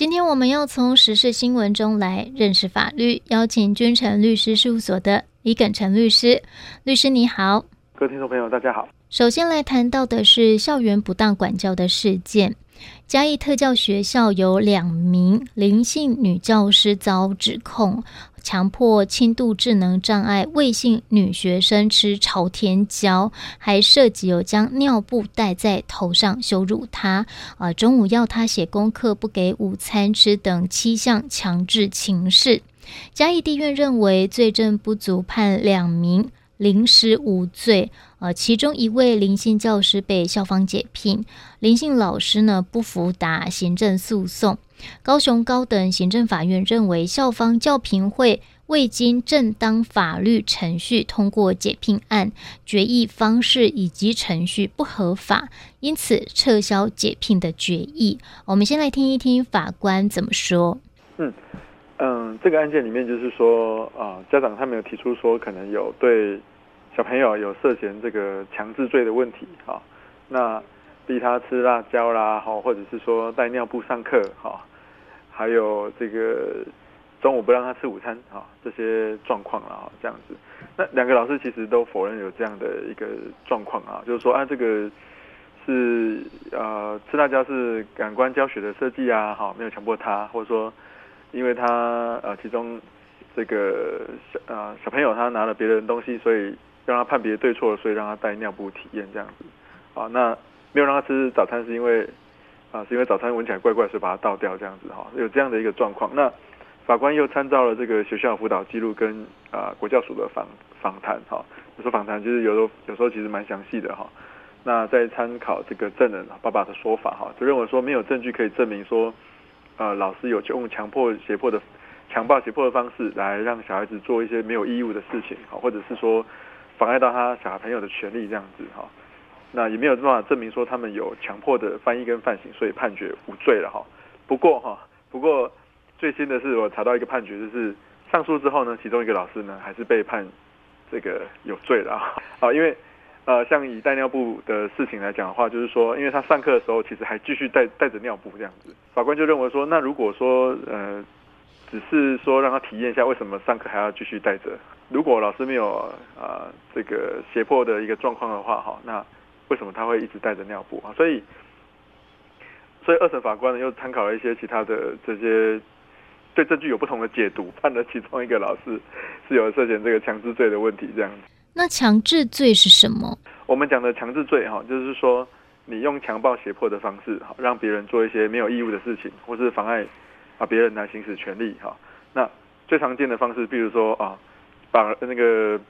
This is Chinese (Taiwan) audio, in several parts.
今天我們要從時事新聞中來認識法律，邀請鈞誠律師事務所的李耿誠律師。律師你好，各位聽眾朋友大家好。首先來談到的是校園不當管教的事件。嘉義特教學校有兩名林姓女教師遭指控強迫輕度智能障礙魏姓女學生吃朝天椒，還涉及有將尿布戴在頭上羞辱她，啊、呃，中午要她寫功課不給午餐吃等七項強制情事。嘉義地院認為罪證不足，判兩名。臨時無罪，呃，其中一位林姓教師被校方解聘，林姓老師呢不服，打行政訴訟。高雄高等行政法院認為，校方教評會未經正當法律程序通過解聘案決議方式以及程序不合法，因此撤銷解聘的決議。我們先來聽一聽法官怎麼說。嗯嗯，這個案件裡面就是說，啊、呃，家長他沒有提出說可能有對。小朋友有涉嫌這個強制罪的問題，哈，那，逼他吃辣椒啦，哈，或者是說帶尿布上課，哈，還有這個中午不讓他吃午餐，哈，這些狀況啦，這樣子，那兩個老師其實都否認有這樣的一個狀況啊，就是說啊，這個是呃吃辣椒是感官教學的設計啊，哈，沒有強迫他，或者說因為他呃其中這個小啊、呃、小朋友他拿了別人東西，所以。要讓他判別對錯，所以讓他戴尿布體驗這樣子，啊，那沒有讓他吃早餐是因為，啊、呃，是因為早餐聞起來怪怪，所以把它倒掉這樣子哈、哦，有這樣的一個狀況。那法官又參照了這個學校輔導記錄跟啊、呃、國教署的訪訪談哈，有時候訪談就是有時候有時候其實蠻詳細的哈、哦。那再參考這個證人爸爸的說法哈、哦，就認為說，沒有證據可以證明說，呃，老師有用強迫脅迫的強暴脅迫的方式來讓小孩子做一些沒有義務的事情，哈，或者是說。妨礙到他小朋友的權利這樣子哈，那也沒有辦法證明說他們有強迫的翻譯跟犯行，所以判決無罪了哈。不過哈，不過最新的是我查到一個判決，就是上訴之後呢，其中一個老師呢還是被判這個有罪了啊。因為呃，像以帶尿布的事情來講的話，就是說，因為他上課的時候其實還繼續帶帶着尿布這樣子，法官就認為說，那如果說呃。只是說讓他體驗一下為什麼上課還要繼續戴著。如果老師沒有啊、呃、這個脅迫的一個狀況的話，哈，那為什麼他會一直戴著尿布啊？所以，所以二審法官呢又參考了一些其他的這些對證據有不同的解讀，判了其中一個老師是有涉嫌這個強制罪的問題，這樣子。那強制罪是什麼？我們講的強制罪哈，就是說你用強暴脅迫的方式，哈，讓別人做一些沒有義務的事情，或是妨礙。把別人來行使權利，哈，那最常見的方式，比如說啊，把那個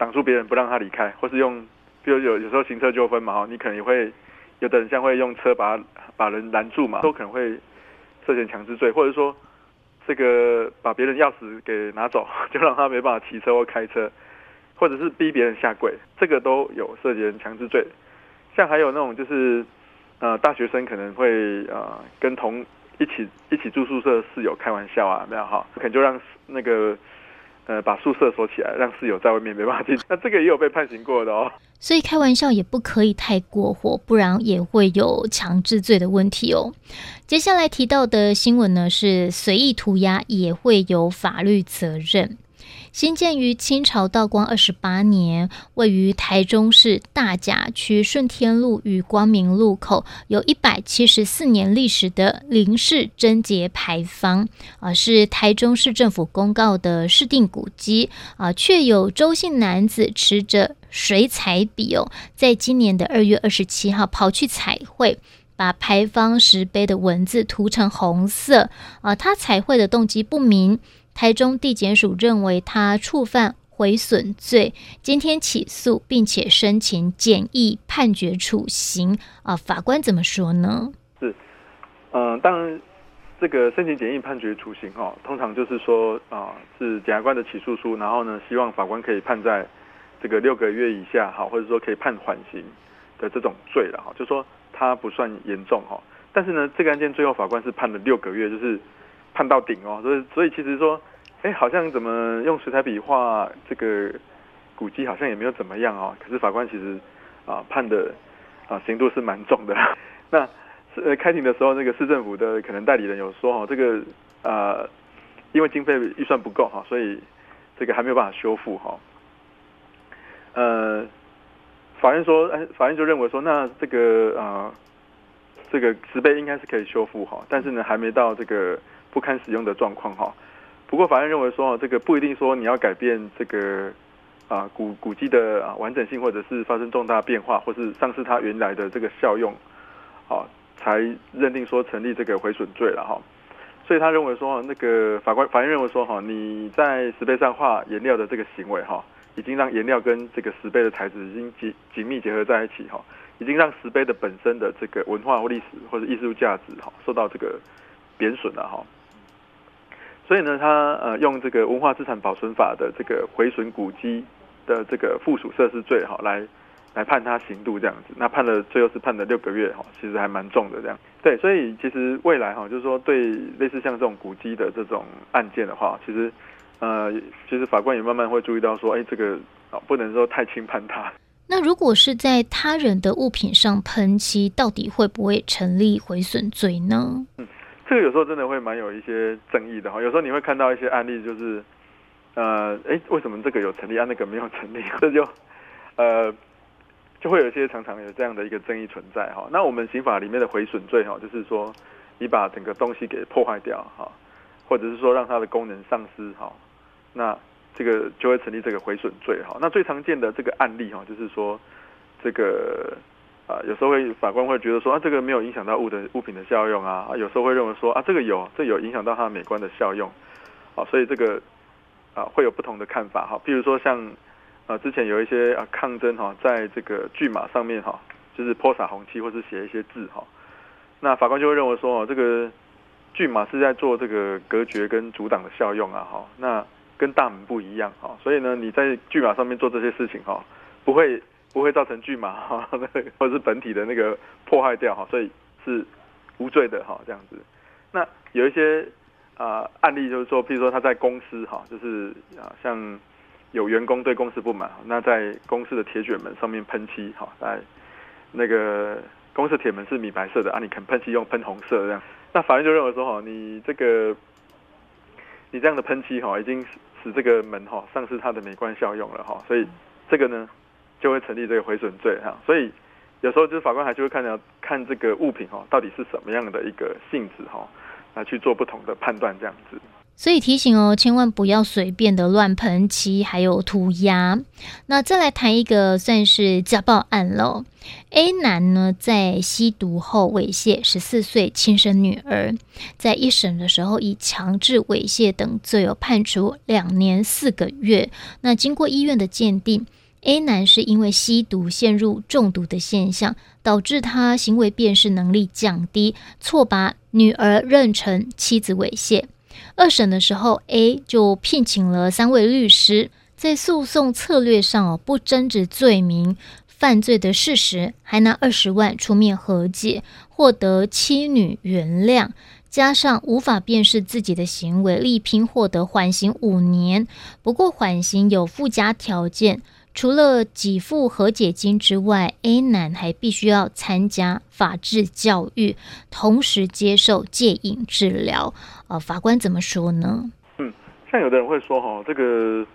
擋住別人不讓他離開，或是用，比如有有時候行車糾紛嘛，你可能也會有的人像會用車把把人攔住嘛，都可能會涉嫌強制罪，或者說這個把別人鑰匙給拿走，就讓他沒辦法騎車或開車，或者是逼別人下跪，這個都有涉嫌強制罪，像還有那種就是呃大學生可能會啊、呃、跟同一起一起住宿舍的室友開玩笑啊，這樣哈，可能就讓那個呃把宿舍鎖起來，讓室友在外面沒辦法進。那這個也有被判刑過的哦。所以開玩笑也不可以太過火，不然也會有強制罪的問題哦。接下來提到的新聞呢，是隨意塗鴉也會有法律責任。興建於清朝道光二十八年，位於台中市大甲區順天路與光明路口，有一百七十四年歷史的林氏貞節牌坊，啊、呃，是台中市政府公告的市定古蹟，啊、呃，卻有周姓男子持着水彩筆哦，在今年的二月二十七號跑去彩繪，把牌坊石碑的文字塗成紅色，啊、呃，他彩繪的動機不明。台中地檢署認為他觸犯毀損罪，今天起訴，並且申請簡易判決處刑。啊，法官怎麼說呢？是，嗯、呃，當然，這個申請簡易判決處刑哈、哦，通常就是說啊、哦，是檢察官的起訴書，然後呢，希望法官可以判在這個六個月以下，哈，或者說可以判緩刑的這種罪了哈，就說他不算嚴重哈、哦。但是呢，這個案件最後法官是判了六個月，就是判到頂哦。所以，所以其實說。哎，好像怎麼用水彩筆畫這個古跡好像也沒有怎麼樣哦。可是法官其實啊、呃、判的啊刑度是蠻重的。 那呃開庭的時候，那、這個市政府的可能代理人有說哈、哦，這個呃因為經費預算不夠哈、哦，所以這個還沒有辦法修復哈、哦。呃，法院說、呃，法院就認為說，那這個啊、呃、這個石碑應該是可以修復哈、哦，但是呢還沒到這個不堪使用的狀況哈。哦不過法院認為說，這個不一定說你要改變這個啊古古蹟的啊完整性，或者是發生重大變化，或是喪失它原來的這個效用，啊才認定說成立這個毀損罪了哈、啊。所以他認為說，那個法官法院認為說哈、啊，你在石碑上畫顏料的這個行為哈、啊，已經讓顏料跟這個石碑的材質已經緊緊密結合在一起哈、啊，已經讓石碑的本身的這個文化或歷史或者藝術價值哈、啊、受到這個貶損了哈。啊所以呢，他呃用這個文化資產保存法的這個毀損古蹟的這個附屬設施罪哈、哦，來來判他刑度這樣子。那判了最後是判了六個月哈、哦，其實還蠻重的這樣。對，所以其實未來哈，就是說對類似像這種古蹟的這種案件的話，其實呃其實法官也慢慢會注意到說，哎、欸，這個不能說太輕判他。那如果是在他人的物品上噴漆，到底會不會成立毀損罪呢？嗯這個有時候真的會蠻有一些爭議的哈，有時候你會看到一些案例，就是，呃，哎、欸，為什麼這個有成立啊，那個沒有成立？這就，呃，就會有一些常常有這樣的一個爭議存在哈。那我們刑法裡面的毀損罪哈，就是說你把整個東西給破壞掉哈，或者是說讓它的功能喪失哈，那這個就會成立這個毀損罪哈。那最常見的這個案例哈，就是說這個。啊，有時候會法官會覺得說啊，這個沒有影響到物的物品的效用啊,啊，有時候會認為說啊，這個有，這個、有影響到它美觀的效用，啊，所以這個啊會有不同的看法哈。比如說像啊之前有一些啊抗爭哈，在這個拒馬上面哈、啊，就是潑灑紅漆或是寫一些字哈、啊，那法官就會認為說哦、啊，這個拒馬是在做這個隔絕跟阻擋的效用啊哈，那跟大門不一樣哈、啊，所以呢你在拒馬上面做這些事情哈、啊，不會。不會造成拒馬，或者是本體的那個破壞掉哈，所以是無罪的哈，這樣子。那有一些啊、呃、案例就是說，譬如說他在公司哈，就是啊像有員工對公司不滿，那在公司的鐵捲門上面噴漆哈，那那個公司的鐵門是米白色的啊，你肯噴漆用噴紅色這樣，那法院就認為說哈，你這個你這樣的噴漆哈，已經使這個門哈喪失它的美觀效用了哈，所以這個呢。就會成立這個毀損罪哈，所以有時候就是法官還是會看到看這個物品到底是什麼樣的一個性質哈，來去做不同的判斷這樣子。所以提醒哦，千萬不要隨便的亂噴漆還有塗鴉。那再來談一個算是家暴案嘍。A 男呢在吸毒後猥褻十四歲親生女兒，在一審的時候以強制猥褻等罪有判處兩年四個月。那經過醫院的鑑定。A 男是因為吸毒陷入中毒的現象，導致他行為辨識能力降低，錯把女兒認成妻子猥褻。二審的時候，A 就聘請了三位律師，在訴訟策略上哦不爭執罪名、犯罪的事實，還拿二十萬出面和解，獲得妻女原諒，加上無法辨識自己的行為，力拼獲得緩刑五年。不過緩刑有附加條件。除了給付和解金之外，A 男還必須要參加法治教育，同時接受戒癮治療。呃，法官怎麼說呢？嗯，像有的人會說，哈，這個，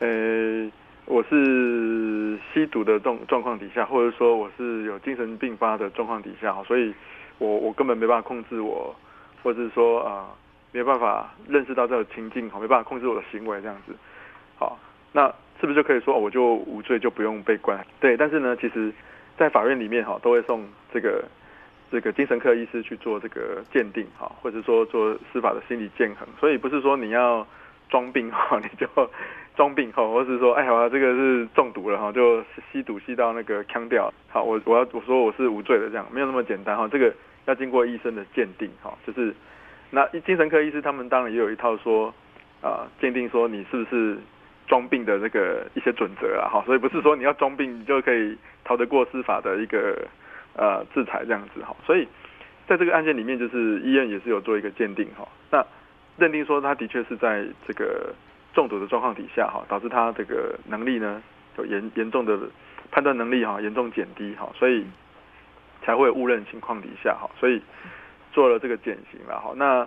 呃，我是吸毒的狀狀況底下，或者說我是有精神病發的狀況底下，所以我，我我根本沒辦法控制我，或者是說啊，呃，沒辦法認識到這個情境，哈，沒辦法控制我的行為，這樣子，好，那。是不是就可以說、哦，我就無罪，就不用被關？對，但是呢，其實，在法院裡面哈、哦，都會送這個這個精神科醫師去做這個鑑定哈、哦，或者說做司法的心理鑑衡。所以不是說你要裝病哈、哦，你就裝病哈、哦，或是說哎呀，這個是中毒了哈、哦，就吸毒吸到那個腔調。好，我我要我說我是無罪的這樣，沒有那麼簡單哈、哦。這個要經過醫生的鑑定哈、哦，就是那精神科醫師他們當然也有一套說啊，鑑定說你是不是。裝病的這個一些準則啊，好，所以不是說你要裝病你就可以逃得過司法的一個呃制裁這樣子哈，所以在這個案件裡面，就是醫院也是有做一個鑑定哈，那認定說他的確是在這個中毒的狀況底下哈，導致他這個能力呢有嚴嚴重的判斷能力哈，嚴重減低哈，所以才會誤認情況底下哈，所以做了這個減刑了哈，那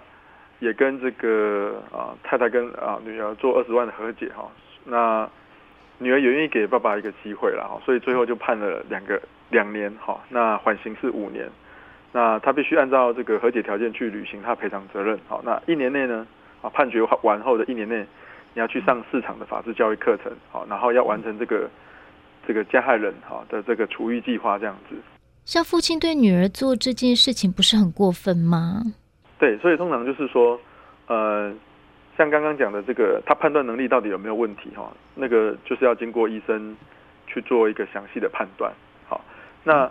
也跟這個啊太太跟啊女兒做二十萬的和解哈。那女兒也願意給爸爸一個機會了，所以最後就判了兩個兩年哈，那緩刑是五年，那他必須按照這個和解條件去履行他賠償責任好，那一年內呢啊，判決完後的一年內你要去上市場的法制教育課程好，然後要完成這個這個加害人哈的這個處遇計畫這樣子。像父親對女兒做這件事情不是很過分嗎？對，所以通常就是說呃。像剛剛講的這個，他判斷能力到底有沒有問題哈？那個就是要經過醫生去做一個詳細的判斷。好，那啊、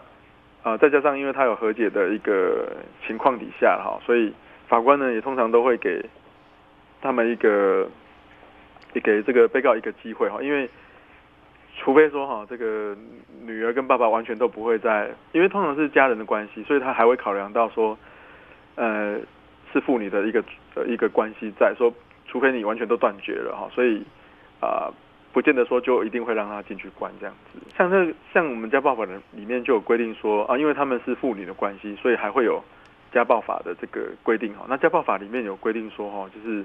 嗯呃、再加上因為他有和解的一個情況底下哈，所以法官呢也通常都會給他們一個也給這個被告一個機會哈，因為除非說哈這個女兒跟爸爸完全都不會在，因為通常是家人的關係，所以他還會考量到說呃是父女的一個的一個關係在說。除非你完全都斷絕了哈，所以，啊、呃，不見得說就一定會讓他進去關這樣子。像那、這個、像我們家暴法的人裡面就有規定說啊，因為他們是婦女的關係，所以還會有家暴法的這個規定哈。那家暴法裡面有規定說哈，就是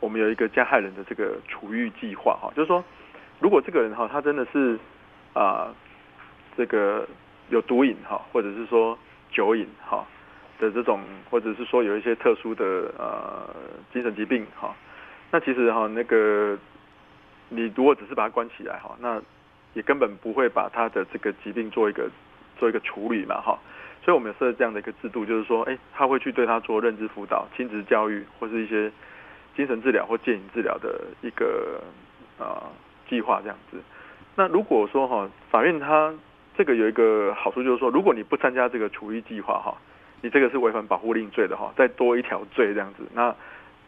我們有一個加害人的這個處遇計劃哈，就是說，如果這個人哈他真的是啊、呃、這個有毒癮哈，或者是說酒癮哈的這種，或者是說有一些特殊的呃精神疾病哈。那其實哈，那個你如果只是把他關起來哈，那也根本不會把他的這個疾病做一個做一個處理嘛哈。所以我們有設這樣的一個制度，就是說，哎、欸，他會去對他做認知輔導、親職教育或是一些精神治療或戒癮治療的一個啊計劃這樣子。那如果說哈，法院他這個有一個好處就是說，如果你不參加這個處理計劃哈，你這個是違反保護令罪的哈，再多一條罪這樣子那。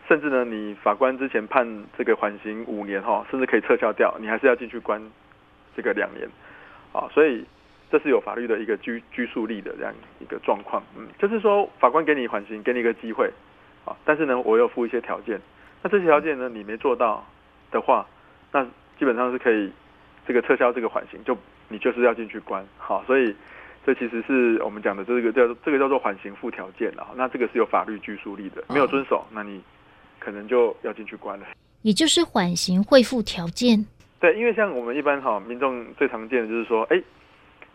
甚至呢，你法官之前判這個緩刑五年哈，甚至可以撤銷掉，你還是要進去關這個兩年，啊，所以這是有法律的一個拘拘束力的這樣一個狀況，嗯，就是說法官給你緩刑，給你一個機會，啊，但是呢，我又附一些條件，那這些條件呢，你沒做到的話，那基本上是可以這個撤銷這個緩刑，就你就是要進去關，好，所以這其實是我們講的這個叫做這個叫做緩刑附條件啊，那這個是有法律拘束力的，沒有遵守，那你。可能就要進去關了，也就是緩刑附條件。對，因為像我們一般哈，民眾最常見的就是說，哎、欸，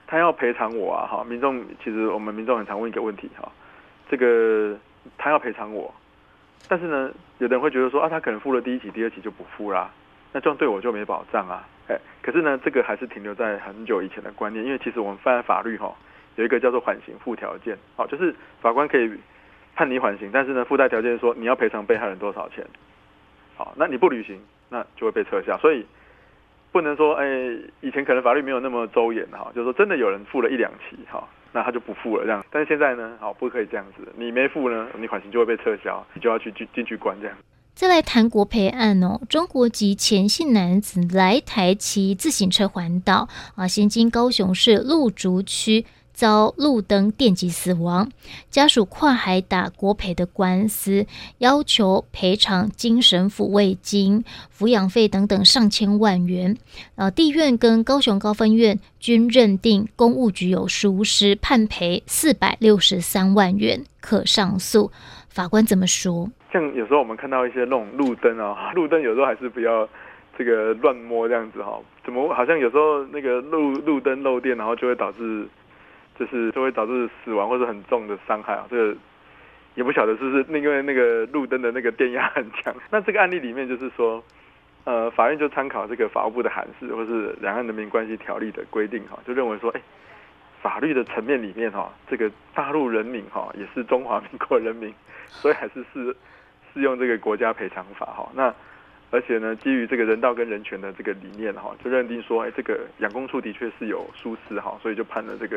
他要賠償我啊哈。民眾其實我們民眾很常問一個問題哈，這個他要賠償我，但是呢，有的人會覺得說啊，他可能付了第一期、第二期就不付啦，啊，那這樣對我就沒保障。啊。哎、欸，可是呢，這個還是停留在很久以前的觀念，因為其實我們犯法律哈有一個叫做緩刑附條件，好，就是法官可以判你緩刑，但是呢，附帶條件說，你要賠償被害人多少錢。好，那你不履行，那就會被撤銷。所以不能說，哎、欸，以前可能法律沒有那麼周延哈，就是說真的有人付了一兩期哈，那他就不付了這樣。但是現在呢，好，不可以這樣子，你沒付呢，你緩刑就會被撤銷，你就要去進進去關這樣。再來談國賠案哦，中國籍前姓男子來台騎自行車環島啊，先經高雄市路竹區。遭路燈電擊死亡，家屬跨海打國賠的官司，要求賠償精神撫慰金、撫養費等等上千萬元。呃，地院跟高雄高分院均認定公務局有疏失，判賠四百六十三萬元，可上訴。法官怎麼說？像有時候我們看到一些那種路燈啊，路燈有時候還是不要這個亂摸這樣子哈、哦，怎麼好像有時候那個路路燈漏電，然後就會導致。就是就會導致死亡或者很重的傷害啊，這個也不曉得是不是因為那個路燈的那個電壓很強。那這個案例裡面就是說，呃，法院就參考這個法務部的函釋或是兩岸人民關係條例的規定哈、啊，就認為說，哎、欸，法律的層面裡面哈、啊，這個大陸人民哈、啊、也是中華民國人民，所以還是適適用這個國家賠償法哈、啊。那而且呢，基於這個人道跟人權的這個理念哈、啊，就認定說，哎、欸，這個養工處的確是有疏失哈，所以就判了這個。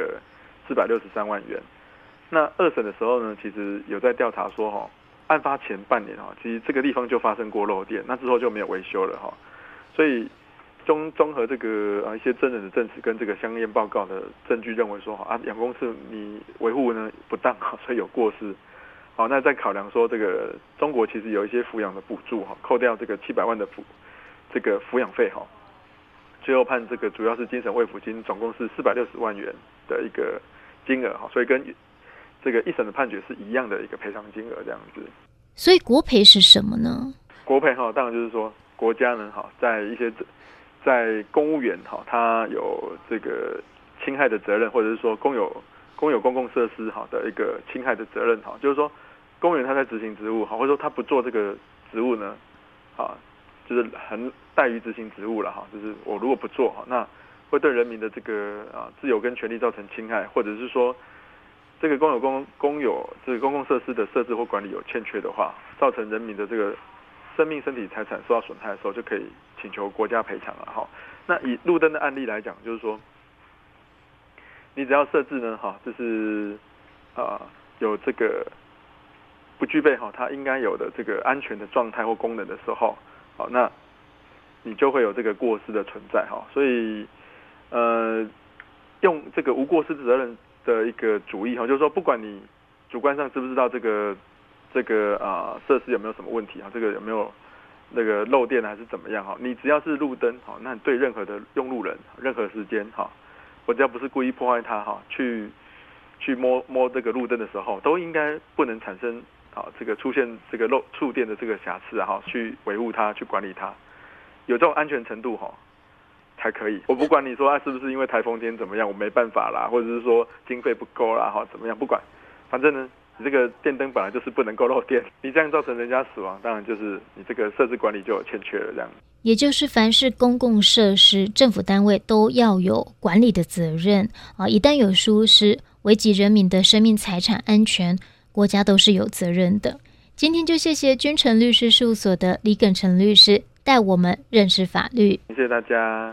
四百六十三萬元。那二審的時候呢，其實有在調查說哈，案發前半年哈，其實這個地方就發生過漏電，那之後就沒有維修了哈。所以綜綜合這個啊一些證人的證詞跟這個相驗報告的證據，認為說哈，啊楊公司你維護呢不當哈，所以有過失。好，那再考量說這個中國其實有一些撫養的補助哈，扣掉這個七百萬的撫這個撫養費哈，最後判這個主要是精神慰撫金，總共是四百六十萬元的一個金額哈，所以跟這個一審的判決是一樣的一個賠償金額這樣子。所以國賠是什麼呢？國賠哈，當然就是說國家呢哈，在一些在公務員哈，他有這個侵害的責任，或者是說公有公有公共設施哈的一個侵害的責任哈，就是說公務員他在執行職務哈，或者說他不做這個職務呢，啊，就是很怠於執行職務了哈，就是我如果不做哈，那。會對人民的這個啊自由跟權利造成侵害，或者是說，這個公有公公有這個公共設施的設置或管理有欠缺的話，造成人民的這個生命、身體、財產受到損害的時候，就可以請求國家賠償了哈。那以路燈的案例來講，就是說，你只要設置呢哈，就是啊有這個不具備哈，它應該有的這個安全的狀態或功能的時候，好，那你就會有這個過失的存在哈，所以。呃，用這個無過失責任的一個主義哈，就是說不管你主觀上知不知道這個這個啊設施有沒有什麼問題啊，這個有沒有那個漏電還是怎麼樣哈，你只要是路燈哈，那你對任何的用路人，任何時間哈，我只要不是故意破壞它哈，去去摸摸這個路燈的時候，都應該不能產生啊這個出現這個漏觸電的這個瑕疵哈，去維護它，去管理它，有這種安全程度哈。還可以，我不管你說啊，是不是因為台風天怎麼樣，我沒辦法啦，或者是說經費不夠啦，哈、哦，怎麼樣？不管，反正呢，你這個電燈本來就是不能夠漏電，你這樣造成人家死亡，當然就是你這個設置管理就有欠缺了。這樣，也就是凡是公共設施，政府單位都要有管理的責任啊。一旦有疏失，危及人民的生命財產安全，國家都是有責任的。今天就謝謝鈞誠律師事務所的李耿誠律師帶我們認識法律。謝謝大家。